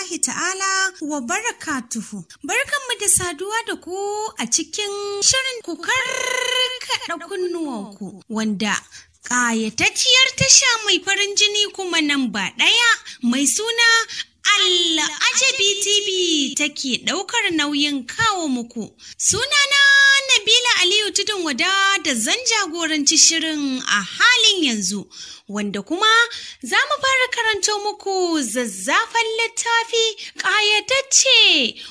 rahmatullahi ta'ala wa barakatuhu. mu da saduwa da ku a cikin shirin ku karkaɗa kunnuwanku wanda ƙayatacciyar tasha mai farin jini kuma nan ba ɗaya mai suna Al'ajabi TV take ɗaukar nauyin kawo muku. Sunana Nabila Aliyu Tudun Wada da zan jagoranci shirin a halin yanzu. wanda kuma za mu fara karanta muku zazzafan littafi ƙayatacce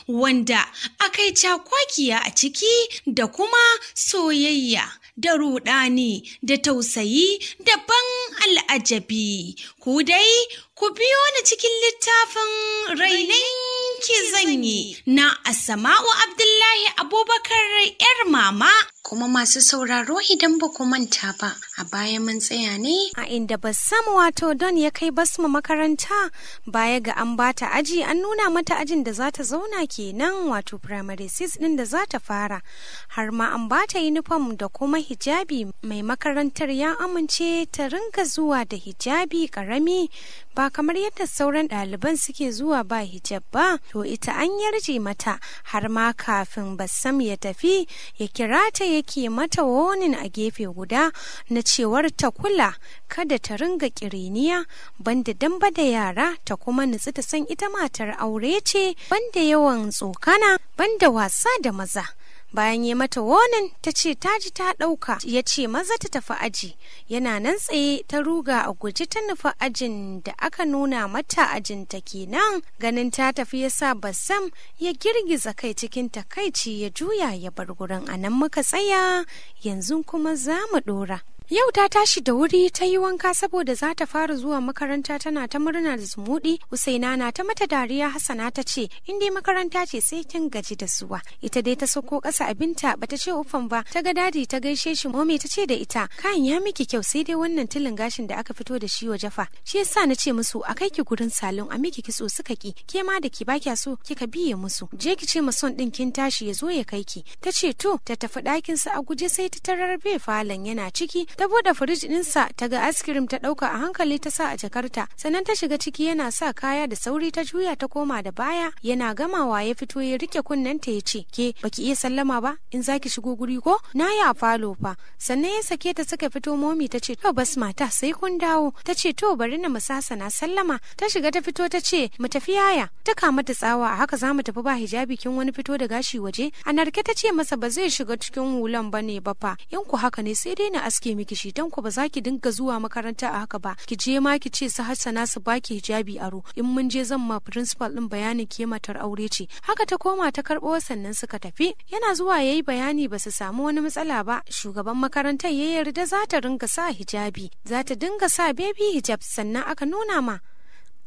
wanda aka yi cakwakiya a ciki da kuma soyayya da ruɗani da tausayi da ban al'ajabi ku dai ku biyo ni cikin littafin rainin ki zanyi na asama'u abdullahi abubakar 'yar mama kuma masu sauraro idan ba ku manta ba a baya mun tsaya ne a inda bassam wato don ya kai basma makaranta baya ga an bata aji an nuna mata ajin da za ta zauna kenan wato primary six din da za ta fara har ma an bata uniform da kuma hijabi mai makarantar ya amince ta ringa zuwa da hijabi karami ba kamar yadda sauran ɗaliban suke zuwa ba hijab ba to ita an yarje mata har ma kafin bassam ya tafi ya kira ta ya yake mata wonin a gefe guda na cewar ta kula kada ta ringa kiriniya banda damba da yara ta kuma nutsu ta san ita matar aure ce banda yawan tsokana banda wasa da maza bayan ya mata wonin ta ce ta ji ta ɗauka ya ce maza ta tafi aji yana nan tsaye ta ruga a guji ta nufi ajin da aka nuna mata ajin ta kenan ganin ta tafi ya sa basam ya girgiza kai cikin takaici ya juya ya bar gurin a nan muka tsaya yanzu kuma za mu ɗora Yau ta tashi da wuri ta yi wanka saboda za ta fara zuwa makaranta tana ta murna da zumuɗi. Usaina na ta mata dariya Hassana ta ce in dai makaranta ce sai kin gaji da zuwa. Ita dai ta sauko ƙasa abinta bata ce ufan ba ta ga dadi ta gaishe shi Mome ta ce da ita kayan ya miki kyau sai dai wannan tilin gashin da aka fito da shi wa jafa. Shi yasa na ce musu a kai ki gurin salon a miki kitso suka ki ke ma da ki bakya so kika biye musu. Je ki ce son din kin tashi ya zo ya kai ki. Ta ce to ta tafi ɗakin sa a guje sai ta tarar bai falon yana ciki ta bude firij dinsa ta ga askirim ta ɗauka a hankali ta sa a jakarta sannan ta shiga ciki yana sa kaya da sauri ta juya ta koma da baya yana gamawa ya fito ya rike kunnen ta ya ce ke baki iya sallama ba in zaki shigo guri ko na yi falo fa sannan ya sake ta suka fito momi ta ce to bas mata sai kun dawo ta ce to bari na mu na sallama ta shiga ta fito ta ce mu tafi yaya ta kama ta tsawa a haka za mu tafi ba hijabi kin wani fito da gashi waje a ta ce masa ba zai shiga cikin hulan ba ne ba fa in ku haka ne sai dai na aske miki kishitan shi dan ku ba za ki dinga zuwa makaranta a haka ba ki je ma ki ce su hassana su baki hijabi aro in mun je zan ma principal din bayanin ke matar aure ce haka ta koma ta karbo sannan suka tafi yana zuwa yayi bayani ba su samu wani matsala ba shugaban makarantar ya yarda za ta dinga sa hijabi za ta dinga sa baby hijab sannan aka nuna ma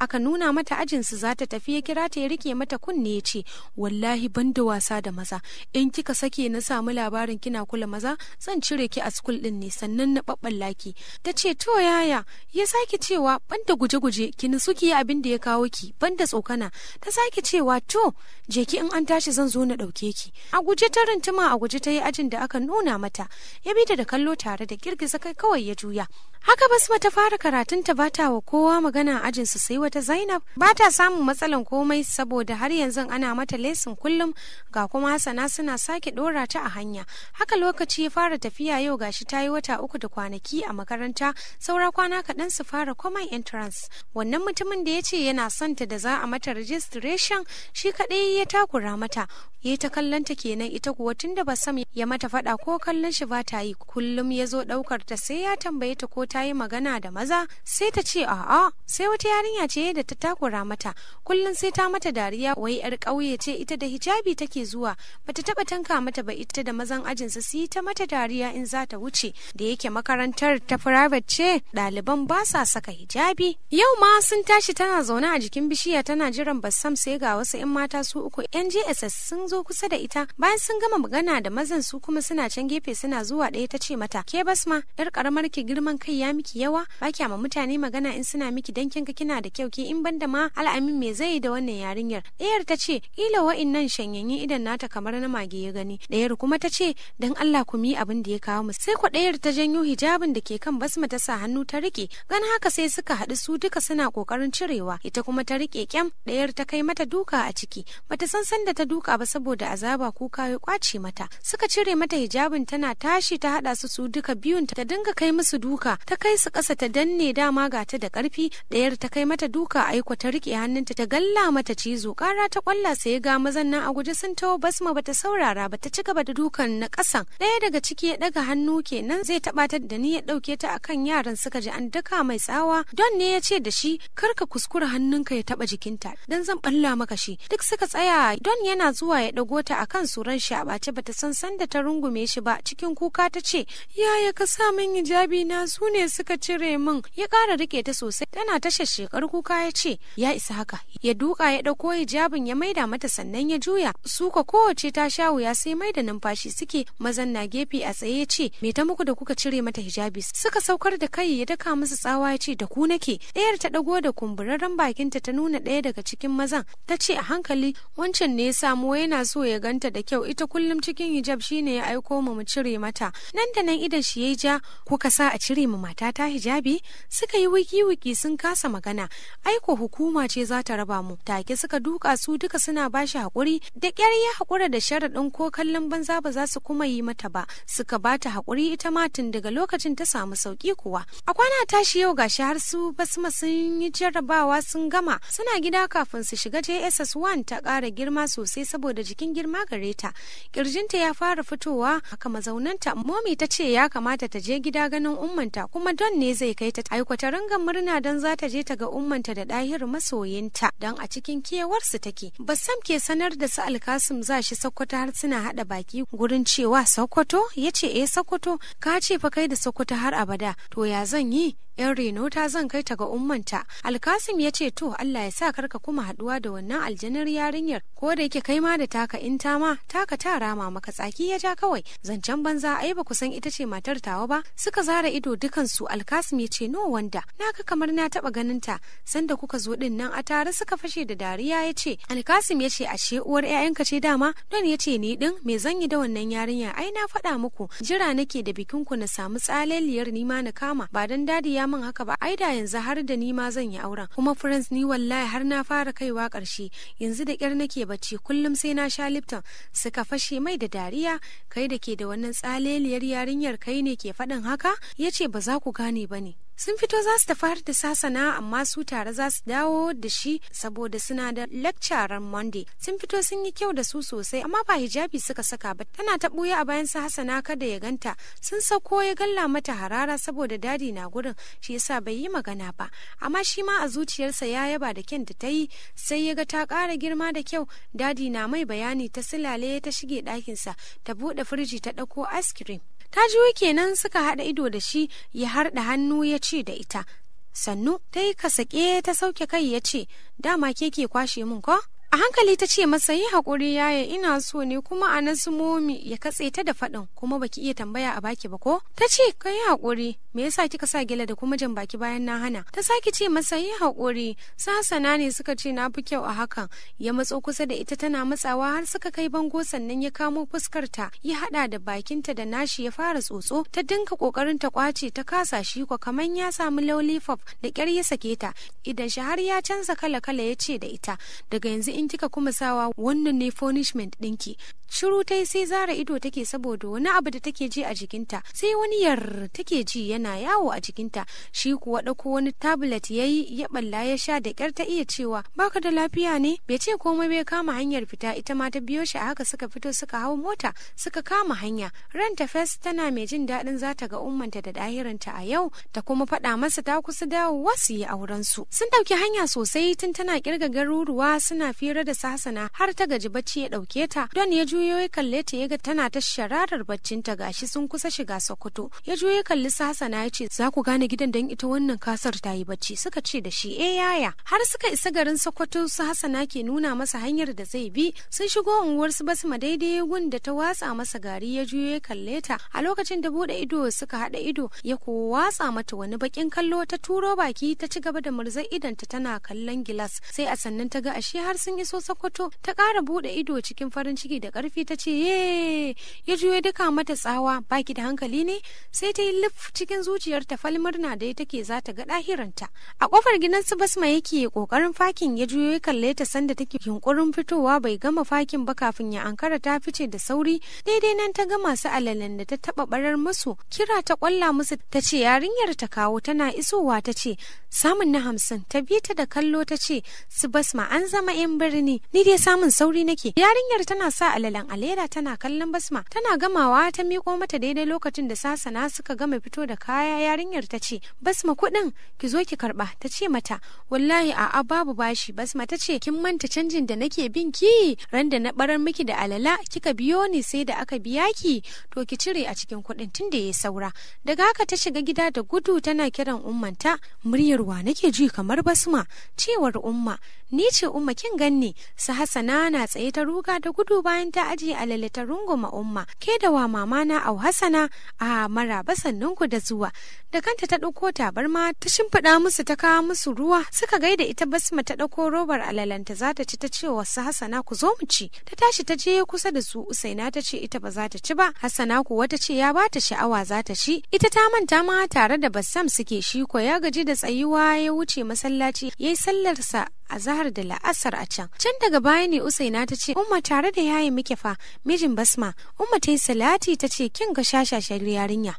aka nuna mata ajinsu za ta tafi ya kira ta ya rike mata kunne ya ce wallahi ban da wasa da maza in kika sake na samu labarin kina kula maza zan cire ki a skul din ne sannan na babballa ki ta ce to yaya ya sake cewa ban da guje-guje ki nisu ki yi abin da ya kawo ki ban da tsokana ta sake cewa to je ki in an tashi zan zo na ɗauke ki a guje ta rintuma a guje ta yi ajin da aka nuna mata ya bi ta da kallo tare da girgiza kai kawai ya juya haka basma ta fara karatunta ba ta wa kowa magana ajinsu sai wata ita Zainab ba ta samun matsalan komai saboda har yanzu ana mata lesin kullum ga kuma Hassana suna sake dora ta a hanya. Haka lokaci ya fara tafiya yau gashi ta yi wata uku da kwanaki a makaranta saura kwana kaɗan su fara common entrance. Wannan mutumin da ya ce yana son ta da za a mata registration shi kaɗai ya takura mata. Ya ta kallonta kenan ita kuwa tun da sam ya mata faɗa ko kallon shi ba ta yi kullum ya zo ɗaukar ta sai ya tambaye ta ko ta yi magana da maza sai ta ce a'a sai wata yarinya ce ce da ta takura mata kullum sai ta mata dariya wai yar ƙauye ce ita da hijabi take zuwa bata taba tanka mata ba ita da mazan ajinsa su yi ta mata dariya in za ta wuce da yake makarantar ta private ce ɗaliban ba sa saka hijabi yau ma sun tashi tana zaune a jikin bishiya tana jiran bassam sai ga wasu 'yan mata su uku 'yan jss sun zo kusa da ita bayan sun gama magana da mazan su kuma suna can gefe suna zuwa ɗaya ta ce mata ke basma yar karamar ki girman kai ya miki yawa ba kya ma mutane magana in suna miki dan kinga kina da kyau kyauki in banda ma al'amin me zai da wannan yarinyar ɗayar ta ce kila wa'innan shanyanyin idan nata kamar na mage ya gani ɗayar kuma ta ce dan Allah ku abin da ya kawo mu sai ku ɗayar ta janyo hijabin da ke kan basma ta sa hannu ta rike gan haka sai suka haɗu su duka suna kokarin cirewa ita kuma ta rike kyam ɗayar ta kai mata duka a ciki bata san sanda ta duka ba saboda azaba kuka ya kwace mata suka cire mata hijabin tana tashi ta haɗa su su duka biyun ta dinga kai musu duka ta kai su ƙasa ta danne dama ga da ƙarfi ɗayar ta kai mata duka aiko ta rike hannunta ta galla mata cizo kara ta kwalla sai ga mazan nan a guje sun taho basma bata saurara bata ci gaba da dukan na kasan ɗaya daga ciki ya daga hannu kenan zai taba ta da ni ya dauke ta akan yaran suka ji an daka mai tsawa don ne ya ce da shi kar ka kuskura hannunka ya taba jikinta dan zan balla maka shi duk suka tsaya don yana zuwa ya dago ta akan suran shi a bace bata san sanda ta rungume shi ba cikin kuka ta ce yaya ka sa min hijabi na su ne suka cire min ya kara rike ta sosai tana ta shekar kuka ya ce ya isa haka ya duka ya ɗauko hijabin ya maida mata sannan ya juya suka kowace ta sha wuya sai mai da numfashi suke mazan na gefe a tsaye ya ce me ta muku da kuka cire mata hijabi suka saukar da kai ya daka musu tsawa ya ce da ku nake ɗayar ta ɗago da kumburarren bakinta ta nuna ɗaya daga cikin mazan ta ce a hankali wancan ne ya samu yana so ya ganta da kyau ita kullum cikin hijab shine ya aiko mu mu cire mata nan da nan idan shi ya ja kuka sa a cire mu matata hijabi suka yi wiki wiki sun kasa magana aiko hukuma ce za ta raba mu take suka duka su duka suna bashi hakuri da kyar ya hakura da sharaɗin ko kallon banza ba za su kuma yi mata ba suka bata hakuri ita ma tun daga lokacin ta samu sauki kuwa a kwana tashi yau gashi har su basma sun yi jarrabawa sun gama suna gida kafin su shiga JSS1 ta kara girma sosai saboda jikin girma gare ta kirjinta ya fara fitowa haka mazaunanta momi ta ce ya kamata ta je gida ganin ummanta kuma don ne zai kai ta aiko ta murna don za ta je ta ga umman sulhunta da ɗahir masoyinta don a cikin kewarsu take. Bassam ke sanar da su Alkasim za shi Sokoto har suna haɗa baki gurin cewa Sokoto ya ce eh Sokoto ka ce fa kai da Sokoto har abada to ya zan yi 'yan reno ta zan kai ta ga ummanta alkasim ya ce to allah ya sa karka kuma haduwa da wannan aljanar yarinyar ko da yake kai ma da taka in ta ma taka ta rama maka tsaki ya ja kawai zancen banza ai ba kusan ita ce matar tawa ba suka zara ido dukansu alkasim ya ce no wanda naka kamar na taba ganin ta sanda kuka zo din nan a tare suka fashe da dariya ya ce alkasim ya ce ashe uwar 'ya'yanka ce dama don ya ce ni din me zan yi da wannan yarinyar? ai na faɗa muku jira nake da bikin ku na samu tsalaliyar nima na kama ba dan dadi ya min haka ba ai da yanzu har da ni ma zan yi auren kuma friends ni wallahi har na fara kaiwa ƙarshe yanzu da kyar nake bacci kullum sai na sha lipton suka fashe mai da dariya kai da ke da wannan tsaleliyar yarinyar kai ne ke faɗin haka yace ce ba za ku gane ba ne sun fito za su tafi har da sasana amma su tare za su dawo da shi saboda suna da lecturer monday sun fito sun yi kyau da su sosai amma ba hijabi suka saka ba tana ta buya a bayan su hasana kada ya ganta sun sauko ya galla mata harara saboda dadi na gurin shi yasa bai yi magana ba amma shi ma a zuciyarsa ya yaba da kyan da ta yi sai ya ga ta kara girma da kyau dadi na mai bayani ta silale ta shige ɗakinsa ta buɗe firji ta ɗauko ice cream ta ji kenan suka haɗa ido da shi ya harɗa hannu ya ce da ita sannu ta yi kasake ta sauke kai ya ce dama ke ke kwashe min ko a hankali ta ce masa yi haƙuri yaya ina so ne kuma a nan ya katse ta da faɗin kuma baki iya tambaya a baki ba ko ta ce ka yi haƙuri me yasa kika sa gila da kuma jan baki bayan na hana ta sake ce masa yi haƙuri sasana ne suka ce na fi kyau a hakan ya matso kusa da ita tana matsawa har suka kai bango sannan ya kamo fuskar ta ya haɗa da bakinta da nashi ya fara tsotso ta dinka ƙoƙarin ta kwace ta kasa shi ko kaman ya samu laulifaf da ƙyar ya sake ta idan shi har ya canza kala kala ya ce da ita daga yanzu in kika kuma sawa wannan ne punishment ɗinki shiru ta sai zara ido take saboda wani abu da take ji a jikinta sai wani yar take ji yana yawo a jikinta shi kuwa ɗauko wani tablet ya yi ya balla ya sha da ƙyar ta iya cewa baka da lafiya ne bai ce komai bai kama hanyar fita ita ma ta biyo shi a haka suka fito suka hau mota suka kama hanya ranta fes tana mai jin daɗin za ta ga ummanta da ɗahirinta a yau ta kuma faɗa masa ta kusa dawowa su yi auren su sun ɗauki hanya sosai tun tana ƙirga garuruwa suna fira da sasana har ta gaji bacci ya ɗauke ta don ya juya juyo ya kalle ta ya ga tana ta shararar baccinta gashi sun kusa shiga Sokoto. Ya juyo ya kalli su Hassana ya ce za ku gane gidan don ita wannan kasar ta yi bacci suka ce da shi e yaya. Har suka isa garin Sokoto su Hassana ke nuna masa hanyar da zai bi sun shigo unguwar su basma daidai gun da ta watsa masa gari ya juyo ya kalle ta a lokacin da bude ido suka haɗa ido ya ko watsa mata wani bakin kallo ta turo baki ta ci gaba da murzar idanta tana kallon gilas sai a sannan ta ga ashe har sun iso Sokoto ta ƙara bude ido cikin farin ciki da ƙarfi ƙarfi ta ce ye ya juyo duka mata tsawa baki da hankali ne sai ta yi lif cikin zuciyarta falmurna da ya take za ta ga ɗahiranta a ƙofar gidan su basma yake ƙoƙarin fakin ya juyo ya kalle ta sanda take yunƙurin fitowa bai gama fakin ba kafin ya ankara ta fice da sauri daidai nan ta ga masu alalen da ta taɓa barar musu kira ta ƙwalla musu ta ce yarinyar ta kawo tana isowa ta ce samun na hamsin ta bi ta da kallo ta ce su basma an zama 'yan birni ni dai samun sauri nake yarinyar tana sa alalen bayan alera tana kallon basma tana gamawa ta miko mata daidai lokacin da sasana suka gama fito da kaya yarinyar ta ce basma kuɗin ki zo ki karɓa ta ce mata wallahi a'a babu bashi basma ta ce kin manta canjin da nake bin ki ran da na barar miki da alala kika biyo ni sai da aka biya ki to ki cire a cikin kuɗin tun da ya saura daga haka ta shiga gida da gudu tana kiran ummanta muryar wa nake ji kamar basma cewar umma ni ce umma kin ganni su hasana na tsaye ta ruga da gudu bayan ta ta ajiye alale ta runguma umma ke da wa mamana au hasana a mara maraba ku da zuwa da kanta ta ɗauko tabarma ta shimfiɗa musu ta kawo musu ruwa suka gaida ita basma ta ɗauko robar alalanta za ta ci ta ce wasu hasana ku zo mu ci ta tashi ta je kusa da su usaina ta ce ita ba za ta ci ba hasana ku wata ce ya ba ta sha'awa za ta ci ita ta manta ma tare da bassam suke shi ko ya gaji da tsayuwa ya wuce masallaci ya yi sallarsa a zahar da la'asar a can can daga baya ne usaina ta ce umma tare da yaye muke fa mijin basma umma ta yi salati ta ce kin ga shashashen yarinya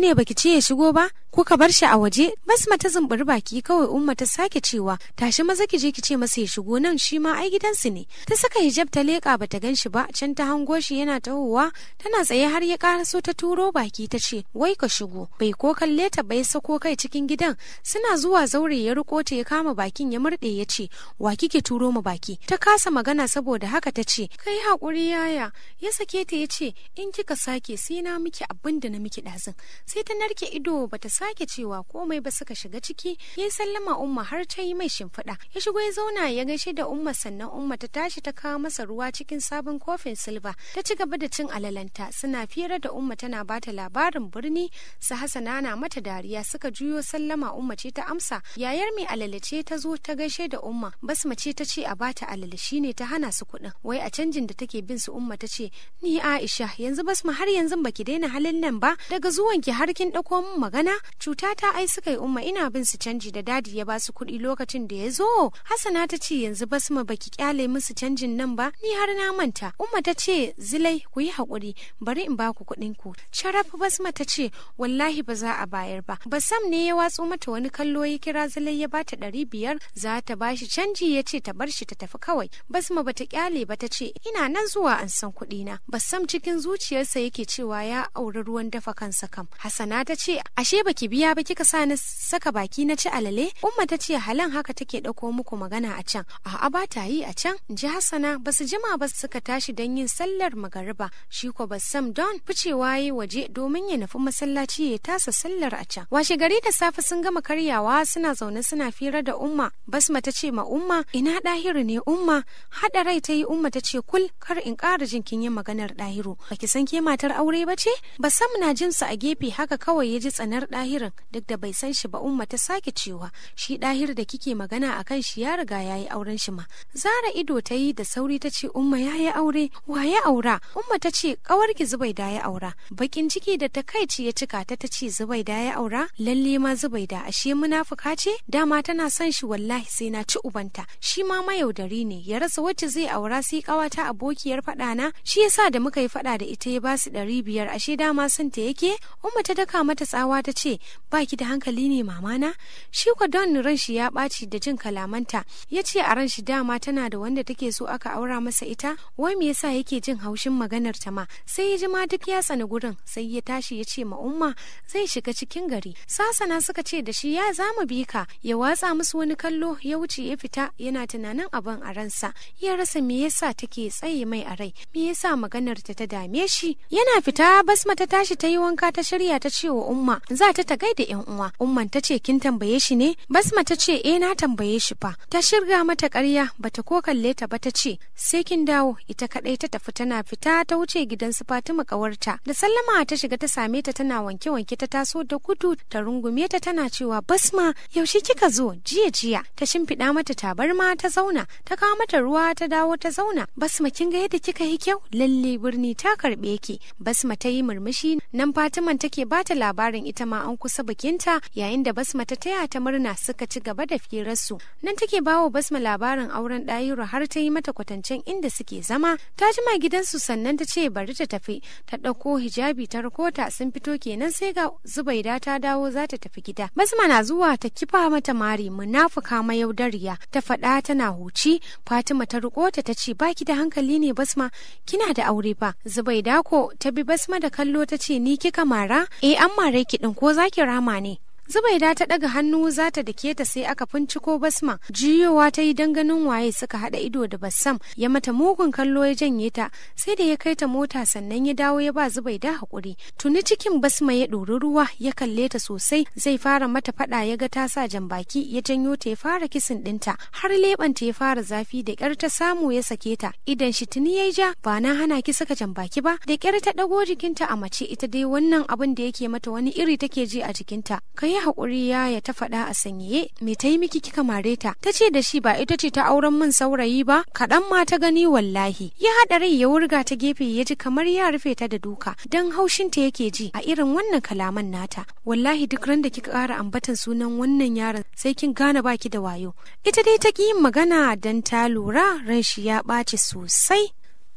ne baki ce ya shigo ba kuka bar shi a waje basma ta zumburi baki kawai umma ta sake cewa tashi maza ki je ki ce masa ya shigo nan shi ma ai gidansu ne ta saka hijab ta leka bata gan shi ba can ta hango shi yana tahowa tana tsaye har ya karaso ta turo baki ta ce wai ka shigo bai ko kalle ta bai sako kai cikin gidan suna zuwa zaure ya riko ta ya kama bakin ya murɗe ya ce wa kike turo mu baki ta kasa magana saboda haka ta ce kai hakuri yaya ya sake ta ya ce in kika sake sai na miki abinda na miki ɗazin sai ta narke ido bata sa sake cewa komai ba suka shiga ciki ya yi sallama umma har ta yi mai shimfiɗa ya shigo ya zauna ya gaishe da umma sannan umma ta tashi ta kawo masa ruwa cikin sabon kofin silba ta ci gaba da cin alalanta suna fira da umma tana ba ta labarin birni su hasana na mata dariya suka juyo sallama umma ce ta amsa yayar mai alalace ce ta zo ta gaishe da umma basma ce ta ce a bata alale ne ta hana su kuɗin wai a canjin da take bin su umma ta ce ni Aisha yanzu basma har yanzu baki daina halin nan ba daga zuwan ki har kin ɗauko min magana cuta ta ai suka yi umma ina bin su canji da dadi ya basu kuɗi lokacin da ya zo hasana ta ce yanzu basma baki kyale musu canjin nan ba ni har na manta umma ta ce zilai ku yi haƙuri bari in baku kuɗin ku sharaf basma ta ce wallahi ba za a bayar ba basam ne ya watsu mata wani kallo ya kira zilai ya bata ɗari biyar za ta bashi canji ya ce ta bar shi ta tafi kawai basma bata kyale ba ta ce ina nan zuwa an san kuɗi na basam cikin zuciyarsa yake cewa ya auri ruwan dafa kansa kam hasana ta ce ashe ba Ki biya ba kika sa ni saka baki na ci alale umma ta ce halan haka take dauko muku magana a can a'a ba ta yi a can ji hassana ba su jima ba suka tashi don yin sallar magariba shi ko sam don ficewa yi waje domin ya nufi masallaci ya tasa sallar a can washe gari da safe sun gama karyawa suna zaune suna fira da umma basma ta ce ma umma ina ɗahiru ne umma haɗa rai ta yi umma ta ce kul kar in kara jin kin yi maganar ɗahiru baki san ke matar aure ba ce Ba sam na su a gefe haka kawai ya ji tsanar ɗahiru dahirin duk da bai san shi ba umma ta sake cewa shi dahir da kike magana a kan shi ya riga ya yi auren shi ma zara ido ta yi da sauri ta ce umma ya yi aure wa ya aura umma ta ce ƙawarki zubaida ya aura bakin ciki da takaici ya cika ta ta ce zubaida ya aura lalle ma zubaida ashe munafuka ce dama tana son shi wallahi sai na ci ubanta shi ma mayaudari ne ya rasa wacce zai aura sai ƙawata abokiyar faɗa na shi yasa da muka yi fada da ita ya basu ɗari biyar ashe dama sun ta yake umma ta daka mata tsawa ta ce baki da hankali ne mamana shi kwa don ran shi ya ɓaci da jin kalamanta ya ce a ran shi dama tana da wanda take so aka aura masa ita wai me yasa yake jin haushin maganar ta ma sai ya ji ma duk ya tsani gurin sai ya tashi ya ce ma umma zai shiga cikin gari sasana suka ce da shi ya zama bi ka ya watsa musu wani kallo ya wuce ya fita yana tunanin abin a ransa ya rasa me yasa take tsaye mai a rai me yasa maganar ta ta dame shi yana fita basma ta tashi ta yi wanka ta shirya ta ce wa umma za ta ta gaida yan uwa umman ta ce kin tambaye shi ne basma ta ce eh na tambaye shi fa ta shirga mata karya bata ko kalle ta ba ta ce sai kin dawo ita kadai ta tafi tana fita ta wuce gidan su Fatima kawarta da sallama ta shiga ta same ta tana wanke wanke ta taso da gudu ta rungume ta tana cewa basma yaushe kika zo jiya jiya ta shimfiɗa mata tabarma ta zauna ta kawo mata ruwa ta dawo ta zauna basma kin ga yadda kika yi kyau lalle birni ta karɓe ki basma ta yi murmushi nan Fatiman take bata labarin ita ma an an kusa bikinta yayin da basma ta taya ta murna suka ci gaba da firarsu nan take bawa basma labarin auren ɗayiru har ta yi mata kwatancen inda suke zama ta jima gidansu sannan ta ce bari ta tafi ta ɗauko hijabi ta rikota sun fito kenan sai ga zubaida ta dawo za ta tafi gida basma na zuwa ta kifa mata mari munafuka mayaudariya ta faɗa tana huci fatima ta rikota ta ce baki da hankali ne basma kina da aure ba zubaida ko ta bi basma da kallo ta ce ni kika mara eh an mara ki din ko za like your Armani. Zubaida ta daga hannu za ta dake ta sai aka finciko basma. Jiyowa ta yi danganin waye suka haɗa ido da bassam ya mata mugun kallo ya janye ta sai da ya kai ta mota sannan ya dawo ya ba Zubaida hakuri. Tuni cikin basma ya ɗori ruwa ya kalle ta sosai zai fara mata faɗa ya ga ta sa jambaki ya janyo ta ya fara kisin dinta. har ta ya fara zafi da ƙyar ta samu ya sake ta idan shi tuni ya ja ba na hana ki saka jambaki ba da ƙyar ta ɗago jikinta a mace ita dai wannan abin da yake mata wani iri take ji a jikinta. Kai yi haƙuri ya ta faɗa a sanyaye me ta yi miki kika mare ta ta ce da shi ba ita ce ta auren min saurayi ba kaɗan ma ta gani wallahi ya haɗa rai ya wurga ta gefe ya ji kamar ya rufe ta da duka dan haushin ta yake ji a irin wannan kalaman nata wallahi duk ran da kika ƙara ambatan sunan wannan yaron sai kin gane baki da wayo ita dai ta ki yin magana dan ta lura ran shi ya ɓaci sosai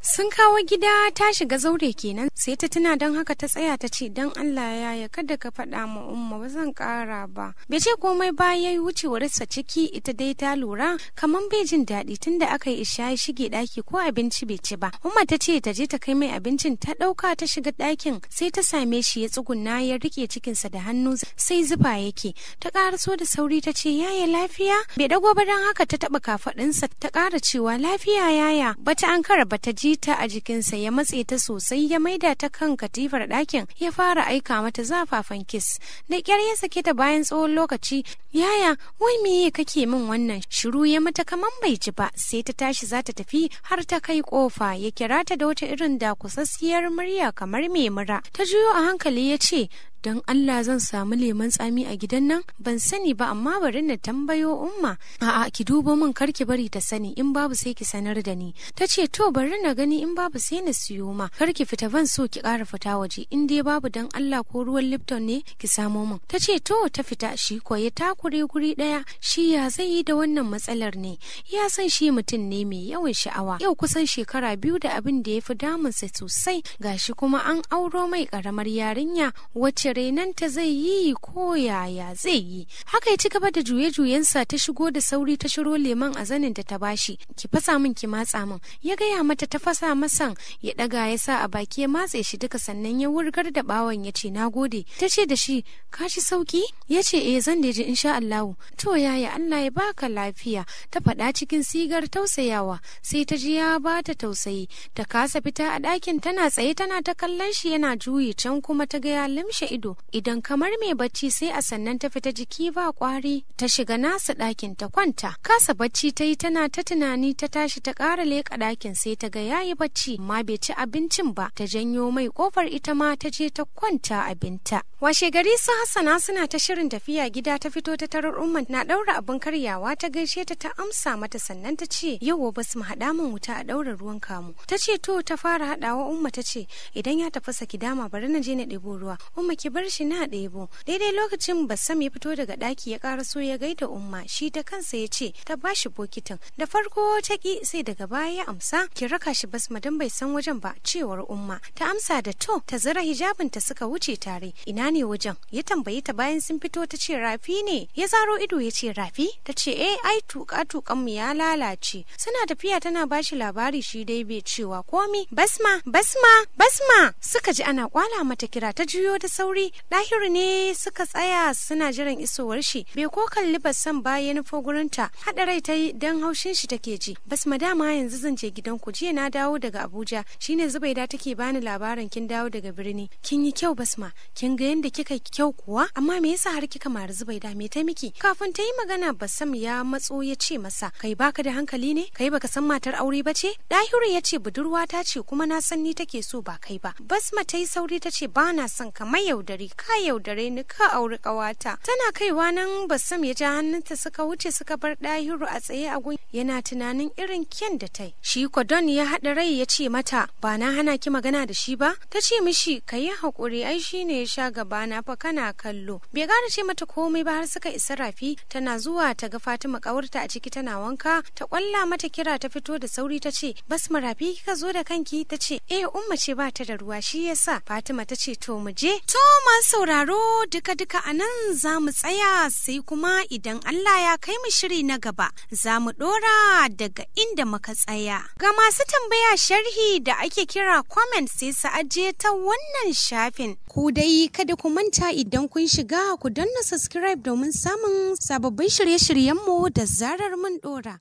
Sun kawo gida ta shiga zaure kenan sai ta tuna don haka ta tsaya ta ce don Allah ya ya kada ka faɗa ma umma ba zan ƙara ba. Bai ce komai ba ya yi wucewarsa ciki ita dai ta lura Kamar bai jin daɗi tunda aka yi isha ya shige ɗaki ko abinci bai ci ba. Umma ta ce ta je ta kai mai abincin ta ɗauka ta shiga ɗakin sai ta same shi ya tsugunna ya riƙe cikinsa da hannu sai zufa yake. Ta ƙaraso da sauri ta ce yaya lafiya? Bai dago ba don haka ta taɓa kafaɗinsa ta ƙara cewa lafiya yaya bata an kara bata ji ji ta a jikinsa ya matse ta sosai ya maida ta kan katifar ɗakin ya fara aika mata zafafan kis da kyar ya sake ta bayan tsawon lokaci yaya wai meye kake min wannan shiru ya mata kaman bai ji ba sai ta tashi za ta tafi har ta kai kofa ya kira ta da wata irin da kusassiyar murya kamar mai mura ta juyo a hankali ya ce don Allah zan samu lemon tsami a gidan nan ban sani ba amma bari na tambayo umma a'a ki dubo min kar ki bari ta sani in babu sai ki sanar da ni ta ce to bari na gani in babu sai na siyo ma kar ki fita ban so ki ƙara fita waje in dai babu don Allah ko ruwan Lipton ne ki samo min ta ce to ta fita shi ko ya takure guri daya. shi ya zai yi da wannan matsalar ne ya san shi mutum ne mai yawan sha'awa yau kusan shekara biyu da abin da ya fi damunsa sosai gashi kuma an auro mai karamar yarinya wacce nan renanta zai yi ko yaya zai yi haka ya ci gaba da juye-juyensa ta shigo da sauri ta shiro leman a zanin da ta bashi ki fasa min ki matsa min ya gaya mata ta fasa masan ya daga ya sa a baki ya matse shi duka sannan ya wurgar da bawan ya ce nagode ta ce da shi ka shi sauki ya ce eh zan da ji insha Allah to yaya Allah ya baka lafiya ta faɗa cikin sigar tausayawa sai ta ji ya ba ta tausayi ta kasa fita a dakin tana tsaye tana ta kallon shi yana juyi can kuma ta ga ya limshe ido idan kamar mai bacci sai a sannan ta fita jiki ba kwari ta shiga nasa ɗakin ta kwanta kasa bacci ta yi tana ta tunani ta tashi ta kara leƙa ɗakin sai ta ga yayi bacci amma bai ci abincin ba ta janyo mai kofar ita ma ta je ta kwanta abinta washe gari su hassana suna ta shirin tafiya gida ta fito ta tarar umman na ɗaura abin karyawa ta gaishe ta ta amsa mata sannan ta ce yau ba su haɗa min wuta a ɗaura ruwan kamu ta ce to ta fara haɗawa umma ta ce idan ya tafasa ki dama bari na je na ɗebo ruwa umma ki ki bar shi na ɗebo daidai lokacin bassam ya fito daga ɗaki ya karaso ya gaida umma shi ta kansa ya ce ta bashi bokitin da farko ta ki sai daga baya ya amsa ki raka shi basma don bai san wajen ba cewar umma ta amsa da to ta zira hijabin ta suka wuce tare ina ne wajen ya tambayi ta bayan sun fito ta ce rafi ne ya zaro ido ya ce rafi ta ce eh ai tuka tukan mu ya lalace suna tafiya tana ba shi labari shi dai bai cewa komi basma basma basma suka ji ana kwala mata kira ta juyo da sauri sauri ɗahiru ne suka tsaya suna jiran isowar shi bai ko kalli basan ba ya nufo haɗa rai ta yi don haushin shi take ji bas dama yanzu zan je gidan ku jiya na dawo daga abuja shine zubaida take bani labarin kin dawo daga birni kin yi kyau basma kin ga yadda kika kyau kuwa amma me yasa har kika mari zubaida me ta miki kafin ta yi magana basam ya matso ya ce masa kai baka da hankali ne kai baka san matar aure ba ce ɗahiru ya ce budurwa ta ce kuma na san ni take so ba kai ba basma ta yi sauri ta ce ba na son kamar yau dare ka yaudare ni ka auri ƙawata tana kaiwa nan basam ya ja hannunta suka wuce suka bar ɗahiru a tsaye a gun yana tunanin irin kyan da tai shi don ya haɗa rai ya ce mata ba na hana ki magana da shi ba ta ce mishi ka yi haƙuri ai shi ne ya sha gaba na fa kana kallo bai gane ce mata komai ba har suka isa rafi tana zuwa ta ga fatima ƙawarta a ciki tana wanka ta ƙwalla mata kira ta fito da sauri ta ce bas marafi kika zo da kanki ta ce eh umma ce ba ta da ruwa shi yasa fatima ta ce to mu je to masu sauraro duka-duka a nan za mu tsaya sai kuma idan Allah ya kai mu shiri na gaba za mu ɗora daga inda muka tsaya. Ga masu tambaya sharhi da ake kira comment sai su ajiye ta wannan shafin. Ku dai kada ku manta idan kun shiga ku danna subscribe domin samun sababbin shirye-shiryenmu da zarar mun ɗora.